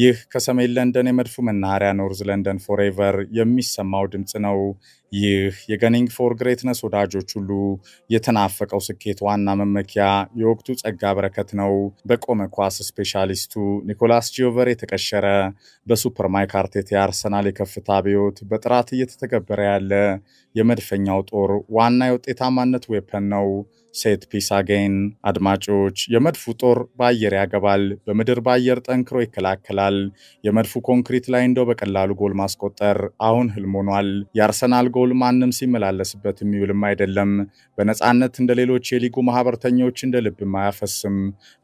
ይህ ከሰሜን ለንደን የመድፉ መናኸሪያ ኖርዝ ለንደን ፎሬቨር የሚሰማው ድምፅ ነው። ይህ የገኒንግ ፎር ግሬትነስ ወዳጆች ሁሉ የተናፈቀው ስኬት ዋና መመኪያ የወቅቱ ጸጋ በረከት ነው። በቆመ ኳስ ስፔሻሊስቱ ኒኮላስ ጂቨር የተቀሸረ በሱፐር ማይክ አርቴታ የአርሰናል የከፍታ አብዮት በጥራት እየተተገበረ ያለ የመድፈኛው ጦር ዋና የውጤታማነት ዌፐን ነው። ሴት ፒሳጌን አድማጮች፣ የመድፉ ጦር በአየር ያገባል፣ በምድር በአየር ጠንክሮ ይከላከላል። የመድፉ ኮንክሪት ላይ እንደው በቀላሉ ጎል ማስቆጠር አሁን ህልም ሆኗል። የአርሰናል ጎል ማንም ሲመላለስበት የሚውልም አይደለም። በነፃነት እንደ ሌሎች የሊጉ ማህበርተኞች እንደ ልብም አያፈስም።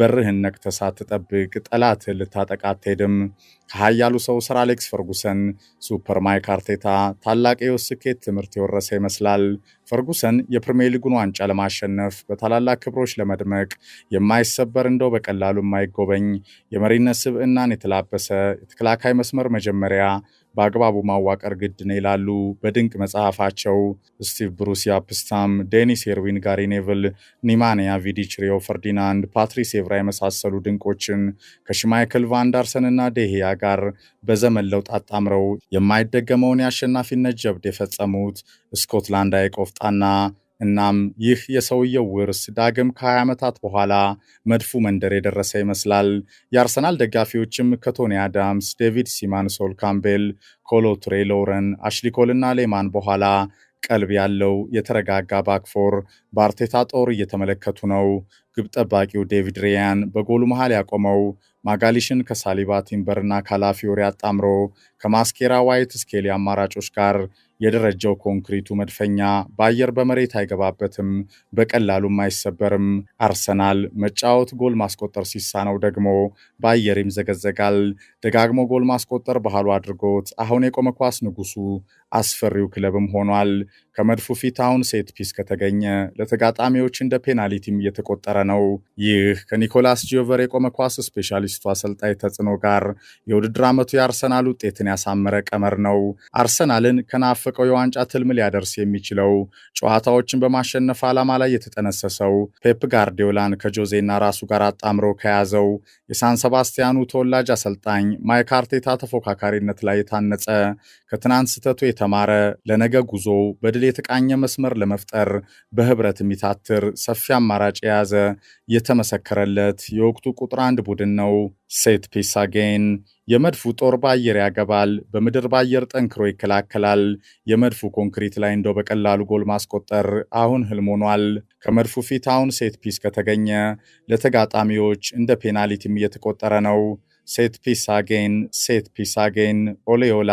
በርህን ነቅተህ ሳትጠብቅ ጠላት ልታጠቃ አትሄድም። ከሀያሉ ሰው ስር አሌክስ ፈርጉሰን ሱፐር ማይክ አርቴታ ታላቅ የውስኬት ትምህርት የወረሰ ይመስላል። ፈርጉሰን የፕሪሚየር ሊጉን ዋንጫ ለማሸነፍ በታላላቅ ክብሮች ለመድመቅ የማይሰበር እንደው በቀላሉ የማይጎበኝ የመሪነት ስብዕናን የተላበሰ የተከላካይ መስመር መጀመሪያ በአግባቡ ማዋቀር ግድ ነው ይላሉ። በድንቅ መጽሐፋቸው ስቲቭ ብሩስ ያፕስታም፣ ዴኒስ ኤርዊን፣ ጋሪ ኔቭል፣ ኒማንያ ቪዲች፣ ሪዮ ፈርዲናንድ፣ ፓትሪስ ኤቭራ የመሳሰሉ ድንቆችን ከሽማይክል ቫንዳርሰንና ደሄያ ጋር በዘመን ለውጥ አጣምረው የማይደገመውን የአሸናፊነት ጀብድ የፈጸሙት ስኮትላንዳዊ ቆፍጣና እናም ይህ የሰውየው ውርስ ዳግም ከ20 ዓመታት በኋላ መድፉ መንደር የደረሰ ይመስላል። የአርሰናል ደጋፊዎችም ከቶኒ አዳምስ፣ ዴቪድ ሲማን፣ ሶል ካምቤል፣ ኮሎትሬ ሎረን አሽሊኮል ሌማን በኋላ ቀልብ ያለው የተረጋጋ ባክፎር በአርቴታ ጦር እየተመለከቱ ነው። ግብ ጠባቂው ዴቪድ ሪያን በጎሉ መሃል ያቆመው ማጋሊሽን ከሳሊባ ቲምበርና ካላፊዮሪ አጣምሮ ከማስኬራ ዋይት ስኬሊ አማራጮች ጋር የደረጃው ኮንክሪቱ መድፈኛ በአየር በመሬት አይገባበትም፣ በቀላሉም አይሰበርም። አርሰናል መጫወት ጎል ማስቆጠር ሲሳነው ደግሞ በአየር ይምዘገዘጋል። ደጋግሞ ጎል ማስቆጠር ባህሉ አድርጎት አሁን የቆመ ኳስ ንጉሱ አስፈሪው ክለብም ሆኗል። ከመድፉ ፊት አሁን ሴት ፒስ ከተገኘ ለተጋጣሚዎች እንደ ፔናሊቲም እየተቆጠረ ነው። ይህ ከኒኮላስ ጂቨር የቆመ ኳስ ስፔሻሊስቱ አሰልጣኝ ተጽዕኖ ጋር የውድድር ዓመቱ የአርሰናል ውጤትን ያሳመረ ቀመር ነው። አርሰናልን ከናፈቀው የዋንጫ ትልም ሊያደርስ የሚችለው ጨዋታዎችን በማሸነፍ ዓላማ ላይ የተጠነሰሰው ፔፕ ጋርዲዮላን ከጆዜና ራሱ ጋር አጣምሮ ከያዘው የሳን ሰባስቲያኑ ተወላጅ አሰልጣኝ ማይክ አርቴታ ተፎካካሪነት ላይ የታነጸ ከትናንት ስህተቱ የተማረ ለነገ ጉዞው በድል የተቃኘ መስመር ለመፍጠር በህብረት የሚታትር ሰፊ አማራጭ የያዘ የተመሰከረለት የወቅቱ ቁጥር አንድ ቡድን ነው። ሴት ፒስ አጌን የመድፉ ጦር በአየር ያገባል፣ በምድር በአየር ጠንክሮ ይከላከላል። የመድፉ ኮንክሪት ላይ እንደው በቀላሉ ጎል ማስቆጠር አሁን ህልም ሆኗል። ከመድፉ ፊት አሁን ሴት ፒስ ከተገኘ ለተጋጣሚዎች እንደ ፔናሊቲም እየተቆጠረ ነው። ሴት ፒስ አጌን፣ ሴት ፒስ አጌን ኦሌዮላ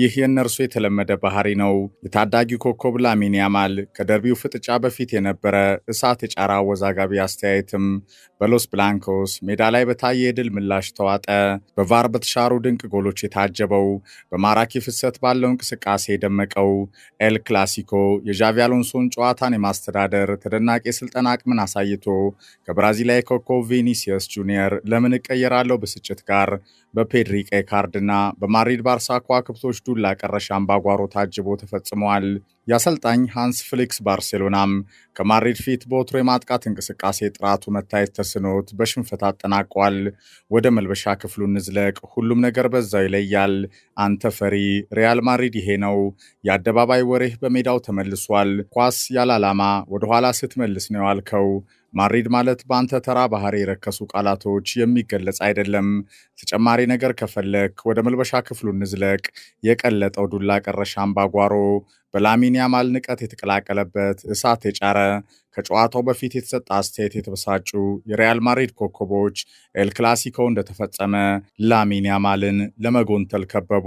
ይህ የእነርሱ የተለመደ ባህሪ ነው። የታዳጊው ኮከብ ላሚን ያማል ከደርቢው ፍጥጫ በፊት የነበረ እሳት የጫራ አወዛጋቢ አስተያየትም በሎስ ብላንኮስ ሜዳ ላይ በታየ የድል ምላሽ ተዋጠ። በቫር በተሻሩ ድንቅ ጎሎች የታጀበው በማራኪ ፍሰት ባለው እንቅስቃሴ የደመቀው ኤል ክላሲኮ የዣቪ አሎንሶን ጨዋታን የማስተዳደር ተደናቂ የስልጠና አቅምን አሳይቶ ከብራዚላዊ ኮከብ ቪኒሲየስ ጁኒየር ለምን እቀየራለሁ ብስጭት ጋር በፔድሪ ቀይ ካርድና በማድሪድ ባርሳ ከዋክብቶች ዱላ ቀረሻን አምባጓሮ ታጅቦ ተፈጽመዋል። የአሰልጣኝ ሃንስ ፍሊክስ ባርሴሎናም ከማድሪድ ፊት በወትሮ የማጥቃት እንቅስቃሴ ጥራቱ መታየት ተስኖት በሽንፈት አጠናቋል። ወደ መልበሻ ክፍሉ እንዝለቅ። ሁሉም ነገር በዛው ይለያል። አንተ ፈሪ ሪያል ማድሪድ ይሄ ነው። የአደባባይ ወሬህ በሜዳው ተመልሷል። ኳስ ያለ ዓላማ ወደኋላ ስትመልስ ነው ያልከው ማድሪድ ማለት በአንተ ተራ ባህሪ የረከሱ ቃላቶች የሚገለጽ አይደለም። ተጨማሪ ነገር ከፈለክ ወደ መልበሻ ክፍሉ እንዝለቅ። የቀለጠው ዱላ ቀረሻ አምባጓሮ በላሚን ያማል ንቀት የተቀላቀለበት እሳት የጫረ ከጨዋታው በፊት የተሰጠ አስተያየት የተበሳጩ የሪያል ማድሪድ ኮከቦች ኤል ክላሲኮ እንደተፈጸመ ላሚን ያማልን ለመጎንተል ከበቡ።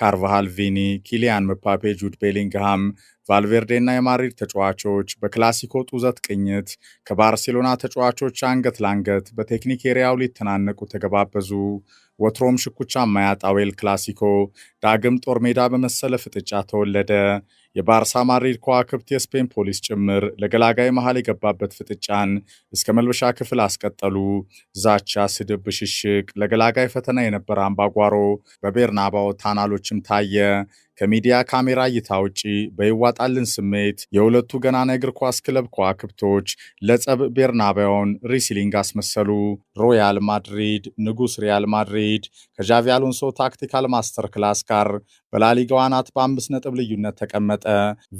ካርቫሃል፣ ቪኒ፣ ኪሊያን መፓፔ፣ ጁድ ቤሊንግሃም፣ ቫልቬርዴና የማድሪድ ተጫዋቾች በክላሲኮ ጡዘት ቅኝት ከባርሴሎና ተጫዋቾች አንገት ለአንገት በቴክኒክ ኤሪያው ሊተናነቁ ተገባበዙ። ወትሮም ሽኩቻ ማያጣው ኤል ክላሲኮ ዳግም ጦር ሜዳ በመሰለ ፍጥጫ ተወለደ። የባርሳ ማድሪድ ከዋክብት የስፔን ፖሊስ ጭምር ለገላጋይ መሃል የገባበት ፍጥጫን እስከ መልበሻ ክፍል አስቀጠሉ። ዛቻ፣ ስድብ፣ ብሽሽቅ ለገላጋይ ፈተና የነበረ አምባጓሮ በቤርናባው ታናሎችም ታየ። ከሚዲያ ካሜራ እይታ ውጪ በይዋጣልን ስሜት የሁለቱ ገናና እግር ኳስ ክለብ ከዋክብቶች ለጸብ ቤርናቢያውን ሪሲሊንግ አስመሰሉ። ሮያል ማድሪድ ንጉስ ሪያል ማድሪድ ከዣቪ አሎንሶ ታክቲካል ማስተር ክላስ ጋር በላሊጋው አናት በአምስት ነጥብ ልዩነት ተቀመጠ።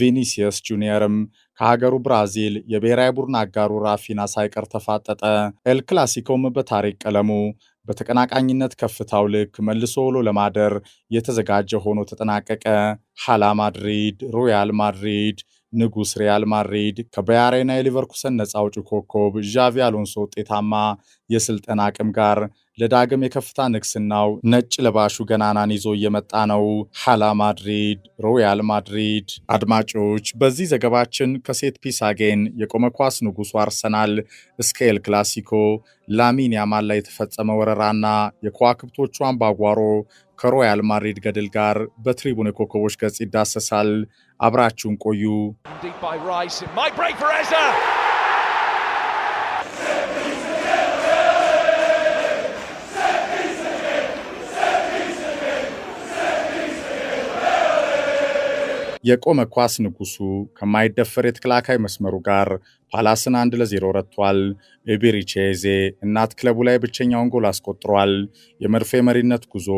ቪኒሲየስ ጁኒየርም ከሀገሩ ብራዚል የብሔራዊ ቡድን አጋሩ ራፊና ሳይቀር ተፋጠጠ። ኤል ክላሲኮም በታሪክ ቀለሙ በተቀናቃኝነት ከፍታው ልክ መልሶ ውሎ ለማደር የተዘጋጀ ሆኖ ተጠናቀቀ። ሃላ ማድሪድ፣ ሮያል ማድሪድ ንጉስ ሪያል ማድሪድ ከባያሬና የሊቨርኩሰን ነፃ አውጪ ኮከብ ዣቪ አሎንሶ ውጤታማ የስልጠና አቅም ጋር ለዳግም የከፍታ ንግስናው ነጭ ለባሹ ገናናን ይዞ እየመጣ ነው። ሃላ ማድሪድ፣ ሮያል ማድሪድ። አድማጮች በዚህ ዘገባችን ከሴት ፒሳጌን የቆመ ኳስ ንጉሱ አርሰናል እስከ ኤል ክላሲኮ ላሚን ያማል ላይ የተፈጸመ ወረራና የከዋክብቶቹ አምባጓሮ ከሮያል ማድሪድ ገድል ጋር በትሪቡን የኮከቦች ገጽ ይዳሰሳል። አብራችሁን ቆዩ። የቆመ ኳስ ንጉሱ ከማይደፈር የተከላካይ መስመሩ ጋር ፓላስን አንድ ለዜሮ ረቷል። ኤቤሪቼዜ እናት ክለቡ ላይ ብቸኛውን ጎል አስቆጥሯል። የመርፌ መሪነት ጉዞ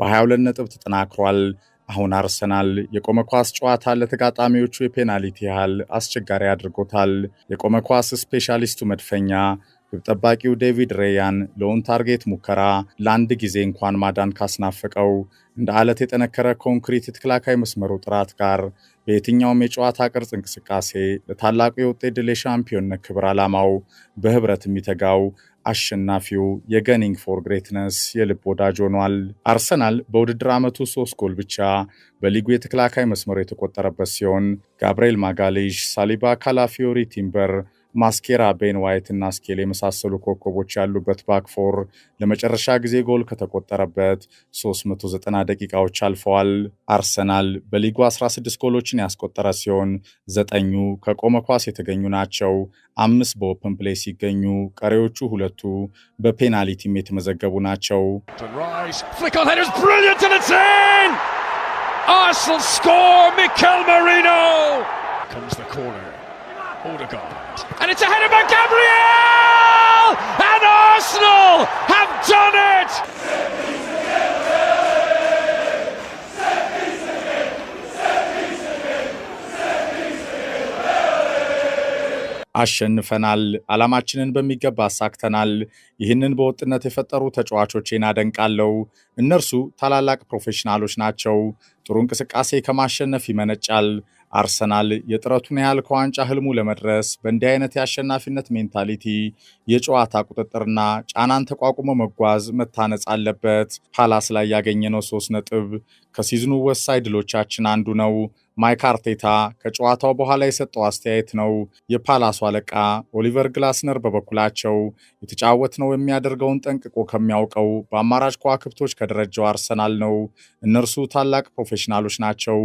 በ22 ነጥብ ተጠናክሯል። አሁን አርሰናል የቆመ ኳስ ጨዋታ ለተጋጣሚዎቹ የፔናሊቲ ያህል አስቸጋሪ አድርጎታል። የቆመ ኳስ ስፔሻሊስቱ መድፈኛ ግብ ጠባቂው ዴቪድ ሬያን ለኦን ታርጌት ሙከራ ለአንድ ጊዜ እንኳን ማዳን ካስናፈቀው እንደ አለት የጠነከረ ኮንክሪት የተከላካይ መስመሩ ጥራት ጋር በየትኛውም የጨዋታ ቅርጽ እንቅስቃሴ ለታላቁ የውጤት ድል የሻምፒዮንነት ክብር ዓላማው በህብረት የሚተጋው አሸናፊው የገኒንግ ፎር ግሬትነስ የልብ ወዳጅ ሆኗል። አርሰናል በውድድር ዓመቱ ሶስት ጎል ብቻ በሊጉ የተከላካይ መስመሩ የተቆጠረበት ሲሆን ጋብርኤል ማጋሊሽ፣ ሳሊባ፣ ካላፊዮሪ፣ ቲምበር ማስኬራ፣ ቤን ዋይት እና ስኬል የመሳሰሉ ኮከቦች ያሉበት ባክፎር ለመጨረሻ ጊዜ ጎል ከተቆጠረበት 390 ደቂቃዎች አልፈዋል። አርሰናል በሊጉ 16 ጎሎችን ያስቆጠረ ሲሆን ዘጠኙ ከቆመ ኳስ የተገኙ ናቸው። አምስት በኦፕን ፕሌይ ሲገኙ፣ ቀሪዎቹ ሁለቱ በፔናልቲም የተመዘገቡ ናቸው። Arsenal score Mikel comes the corner Odegaard. And it's a header by Gabriel! And Arsenal have done it! አሸንፈናል። ዓላማችንን በሚገባ አሳክተናል። ይህንን በወጥነት የፈጠሩ ተጫዋቾቼን አደንቃለሁ። እነርሱ ታላላቅ ፕሮፌሽናሎች ናቸው። ጥሩ እንቅስቃሴ ከማሸነፍ ይመነጫል። አርሰናል የጥረቱን ያህል ከዋንጫ ህልሙ ለመድረስ በእንዲህ አይነት የአሸናፊነት ሜንታሊቲ የጨዋታ ቁጥጥርና ጫናን ተቋቁሞ መጓዝ መታነጽ አለበት። ፓላስ ላይ ያገኘነው ሶስት ነጥብ ከሲዝኑ ወሳኝ ድሎቻችን አንዱ ነው። ማይክ አርቴታ ከጨዋታው በኋላ የሰጠው አስተያየት ነው። የፓላሱ አለቃ ኦሊቨር ግላስነር በበኩላቸው የተጫወትነው የሚያደርገውን ጠንቅቆ ከሚያውቀው በአማራጭ ከዋክብቶች ከደረጃው አርሰናል ነው። እነርሱ ታላቅ ፕሮፌሽናሎች ናቸው።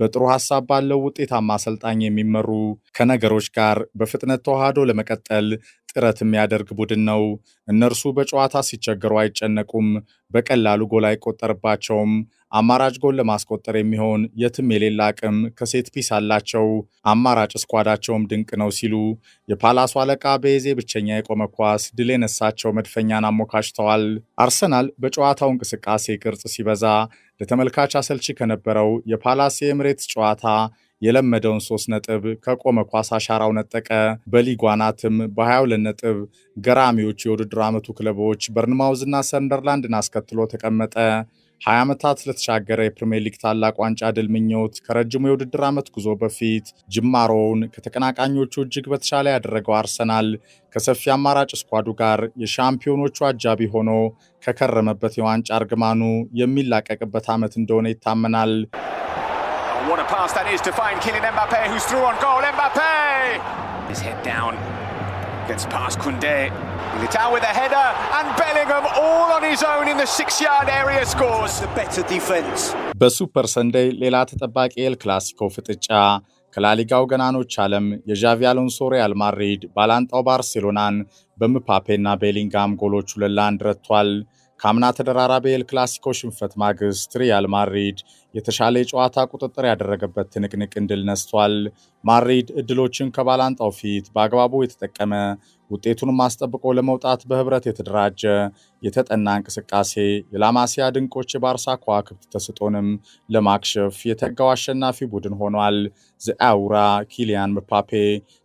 በጥሩ ሀሳብ ባለው ውጤታማ አሰልጣኝ የሚመሩ ከነገሮች ጋር በፍጥነት ተዋህዶ ለመቀጠል ጥረት የሚያደርግ ቡድን ነው። እነርሱ በጨዋታ ሲቸገሩ አይጨነቁም። በቀላሉ ጎል አይቆጠርባቸውም። አማራጭ ጎል ለማስቆጠር የሚሆን የትም የሌለ አቅም ከሴት ፒስ አላቸው። አማራጭ እስኳዳቸውም ድንቅ ነው ሲሉ የፓላሱ አለቃ በየዜ ብቸኛ የቆመ ኳስ ድል የነሳቸው መድፈኛን አሞካሽተዋል። አርሰናል በጨዋታው እንቅስቃሴ ቅርጽ ሲበዛ ለተመልካች አሰልቺ ከነበረው የፓላስ የኤምሬትስ ጨዋታ የለመደውን ሶስት ነጥብ ከቆመ ኳስ አሻራው ነጠቀ። በሊጉ አናትም በ22 ነጥብ ገራሚዎቹ የውድድር ዓመቱ ክለቦች በርንማውዝና ሰንደርላንድን አስከትሎ ተቀመጠ። ሀያ ዓመታት ለተሻገረ የፕሪምየር ሊግ ታላቅ ዋንጫ ድል ምኞት ከረጅሙ የውድድር ዓመት ጉዞ በፊት ጅማሮውን ከተቀናቃኞቹ እጅግ በተሻለ ያደረገው አርሰናል ከሰፊ አማራጭ ስኳዱ ጋር የሻምፒዮኖቹ አጃቢ ሆኖ ከከረመበት የዋንጫ እርግማኑ የሚላቀቅበት ዓመት እንደሆነ ይታመናል። Militao with a header, and Bellingham all on his own in the six-yard area scores. The better defense. በሱፐር ሰንደይ ሌላ ተጠባቂ ኤል ክላሲኮ ፍጥጫ ከላሊጋው ገናኖች ዓለም የዣቪ አሎንሶ ሪያል ማድሪድ ባላንጣው ባርሴሎናን በምፓፔና ቤሊንጋም ጎሎች ሁለት ለአንድ ረቷል። ከአምና ተደራራቢ ኤል ክላሲኮ ሽንፈት ማግስት ሪያል ማድሪድ የተሻለ የጨዋታ ቁጥጥር ያደረገበት ትንቅንቅ እንድል ነስቷል። ማድሪድ እድሎችን ከባላንጣው ፊት በአግባቡ የተጠቀመ ውጤቱንም አስጠብቆ ለመውጣት በህብረት የተደራጀ የተጠና እንቅስቃሴ የላማሲያ ድንቆች የባርሳ ከዋክብት ተስጦንም ለማክሸፍ የተጋው አሸናፊ ቡድን ሆኗል። ዘአውራ ኪሊያን ምፓፔ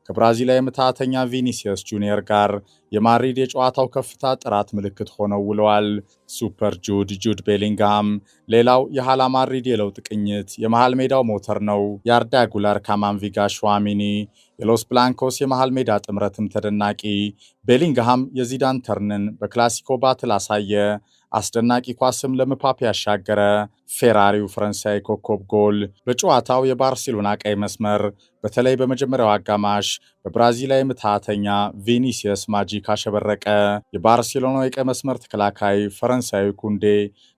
ከብራዚላዊ ምትሃተኛ ቪኒሲየስ ጁኒየር ጋር የማድሪድ የጨዋታው ከፍታ ጥራት ምልክት ሆነው ውለዋል። ሱፐር ጁድ ጁድ ቤሊንግሃም ሌላው የሃላማሪድ የለውጥ ቅኝት የመሃል ሜዳው ሞተር ነው። የአርዳ ጉለር ካማንቪጋ ሸዋሚኒ የሎስ ብላንኮስ የመሃል ሜዳ ጥምረትም ተደናቂ፣ ቤሊንግሃም የዚዳን ተርንን በክላሲኮ ባትል አሳየ። አስደናቂ ኳስም ለምፓፕ ያሻገረ ፌራሪው ፈረንሳይ ኮከብ ጎል በጨዋታው የባርሴሎና ቀይ መስመር በተለይ በመጀመሪያው አጋማሽ በብራዚላዊ ምትሃተኛ ቪኒሲየስ ማጂክ አሸበረቀ። የባርሴሎና የቀይ መስመር ተከላካይ ፈረንሳዊ ኩንዴ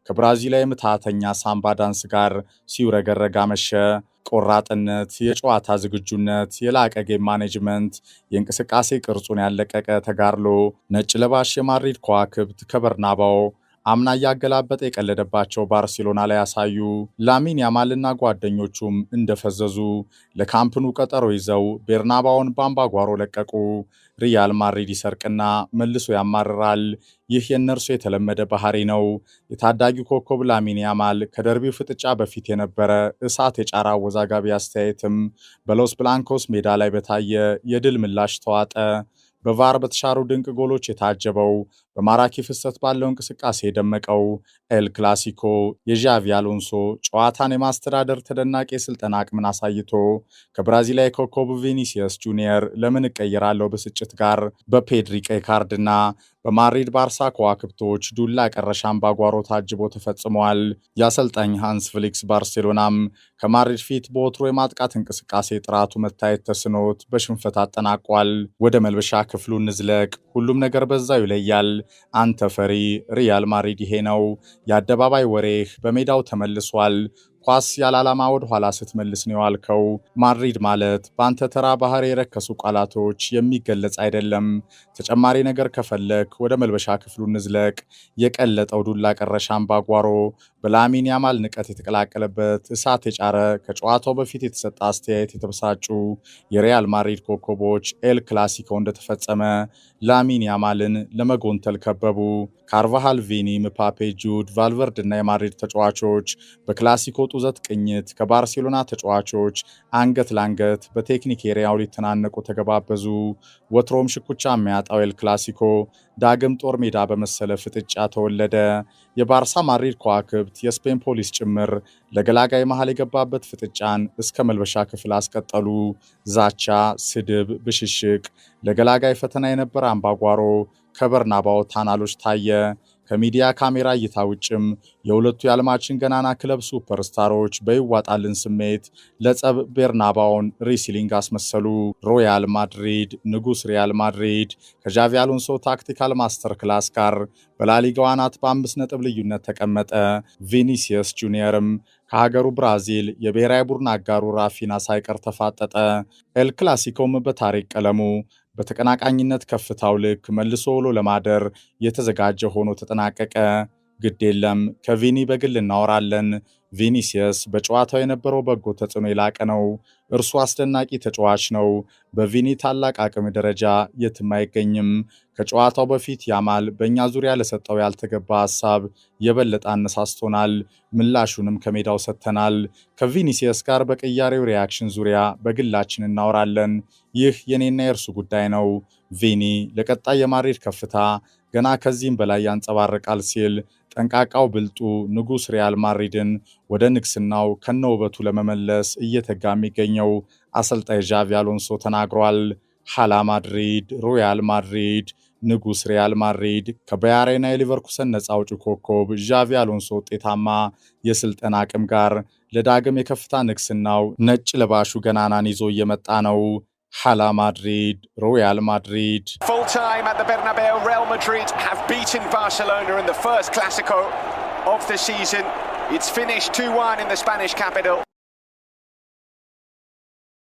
ከብራዚላዊ ምትሃተኛ ሳምባ ዳንስ ጋር ሲውረገረግ አመሸ። ቆራጥነት፣ የጨዋታ ዝግጁነት፣ የላቀ ጌም ማኔጅመንት፣ የእንቅስቃሴ ቅርጹን ያለቀቀ ተጋድሎ ነጭ ለባሽ የማድሪድ ከዋክብት ከበርናባው አምና እያገላበጠ የቀለደባቸው ባርሴሎና ላይ ያሳዩ ላሚን ያማልና ጓደኞቹም እንደፈዘዙ ለካምፕኑ ቀጠሮ ይዘው ቤርናባውን በአምባጓሮ ለቀቁ። ሪያል ማድሪድ ይሰርቅና መልሶ ያማርራል። ይህ የእነርሱ የተለመደ ባህሪ ነው። የታዳጊው ኮከብ ላሚን ያማል ከደርቢው ፍጥጫ በፊት የነበረ እሳት የጫራ አወዛጋቢ አስተያየትም በሎስ ብላንኮስ ሜዳ ላይ በታየ የድል ምላሽ ተዋጠ። በቫር በተሻሩ ድንቅ ጎሎች የታጀበው በማራኪ ፍሰት ባለው እንቅስቃሴ የደመቀው ኤል ክላሲኮ የዣቪ አሎንሶ ጨዋታን የማስተዳደር ተደናቂ የስልጠና አቅምን አሳይቶ ከብራዚላዊ ኮከቡ ቪኒሲየስ ጁኒየር ለምን እቀይራለሁ ብስጭት ጋር በፔድሪ ቀይ ካርድና በማድሪድ ባርሳ ከዋክብቶች ዱላ ቀረሽ አምባጓሮ ታጅቦ ተፈጽሟል። የአሰልጣኝ ሃንስ ፍሊክስ ባርሴሎናም ከማድሪድ ፊት በወትሮ የማጥቃት እንቅስቃሴ ጥራቱ መታየት ተስኖት በሽንፈት አጠናቋል። ወደ መልበሻ ክፍሉ እንዝለቅ። ሁሉም ነገር በዛው ይለያል። አንተ ፈሪ ሪያል ማድሪድ ይሄ ነው የአደባባይ ወሬህ በሜዳው ተመልሷል። ኳስ ያለ ዓላማ ወደ ኋላ ስትመልስ ነው ያልከው። ማድሪድ ማለት በአንተ ተራ ባህር የረከሱ ቃላቶች የሚገለጽ አይደለም። ተጨማሪ ነገር ከፈለክ ወደ መልበሻ ክፍሉ ንዝለቅ። የቀለጠው ዱላ ቀረሻ አምባጓሮ በላሚን ያማል ንቀት የተቀላቀለበት እሳት የጫረ ከጨዋታው በፊት የተሰጠ አስተያየት የተበሳጩ የሪያል ማድሪድ ኮከቦች ኤል ክላሲኮ እንደተፈጸመ ላሚን ያማልን ለመጎንተል ከበቡ። ካርቫሃል፣ ቪኒ፣ ምፓፔ፣ ጁድ፣ ቫልቨርድ እና የማድሪድ ተጫዋቾች በክላሲኮ ጡዘት ቅኝት ከባርሴሎና ተጫዋቾች አንገት ለአንገት በቴክኒክ ኤሪያው ሊተናነቁ ተገባበዙ። ወትሮም ሽኩቻ የሚያጣው ኤል ክላሲኮ ዳግም ጦር ሜዳ በመሰለ ፍጥጫ ተወለደ። የባርሳ ማድሪድ ከዋክብት የስፔን ፖሊስ ጭምር ለገላጋይ መሃል የገባበት ፍጥጫን እስከ መልበሻ ክፍል አስቀጠሉ። ዛቻ፣ ስድብ፣ ብሽሽቅ ለገላጋይ ፈተና የነበረ አምባጓሮ ከበርናባው ታናሎች ታየ። ከሚዲያ ካሜራ እይታ ውጭም የሁለቱ የዓለማችን ገናና ክለብ ሱፐርስታሮች በይዋጣልን ስሜት ለጸብ ቤርናባውን ሪሲሊንግ አስመሰሉ። ሮያል ማድሪድ ንጉስ ሪያል ማድሪድ ከዣቪ አሎንሶ ታክቲካል ማስተር ክላስ ጋር በላሊጋው አናት በአምስት ነጥብ ልዩነት ተቀመጠ። ቪኒሲየስ ጁኒየርም ከሀገሩ ብራዚል የብሔራዊ ቡድን አጋሩ ራፊና ሳይቀር ተፋጠጠ። ኤል ክላሲኮም በታሪክ ቀለሙ በተቀናቃኝነት ከፍታው ልክ መልሶ ውሎ ለማደር የተዘጋጀ ሆኖ ተጠናቀቀ። ግድ የለም ከቪኒ በግል እናወራለን። ቪኒሲየስ በጨዋታው የነበረው በጎ ተጽዕኖ የላቀ ነው። እርሱ አስደናቂ ተጫዋች ነው። በቪኒ ታላቅ አቅም ደረጃ የትም አይገኝም። ከጨዋታው በፊት ያማል በእኛ ዙሪያ ለሰጠው ያልተገባ ሀሳብ የበለጠ አነሳስቶናል። ምላሹንም ከሜዳው ሰጥተናል። ከቪኒሲየስ ጋር በቅያሬው ሪያክሽን ዙሪያ በግላችን እናወራለን። ይህ የኔና የእርሱ ጉዳይ ነው። ቪኒ ለቀጣይ የማድሪድ ከፍታ ገና ከዚህም በላይ ያንጸባርቃል ሲል ጠንቃቃው ብልጡ ንጉስ ሪያል ማድሪድን ወደ ንግስናው ከነ ውበቱ ለመመለስ እየተጋ የሚገኘው አሰልጣኝ ዣቪ አሎንሶ ተናግሯል። ሃላ ማድሪድ፣ ሮያል ማድሪድ፣ ንጉስ ሪያል ማድሪድ ከባያሬና የሊቨርኩሰን ነፃ አውጪ ኮከብ ዣቪ አሎንሶ ውጤታማ የስልጠና አቅም ጋር ለዳግም የከፍታ ንግስናው ነጭ ለባሹ ገናናን ይዞ እየመጣ ነው። Hala Madrid, Royal Madrid. Full time at the Bernabeu, Real Madrid have beaten Barcelona in the first Clásico of the season. It's finished 2 1 in the Spanish capital.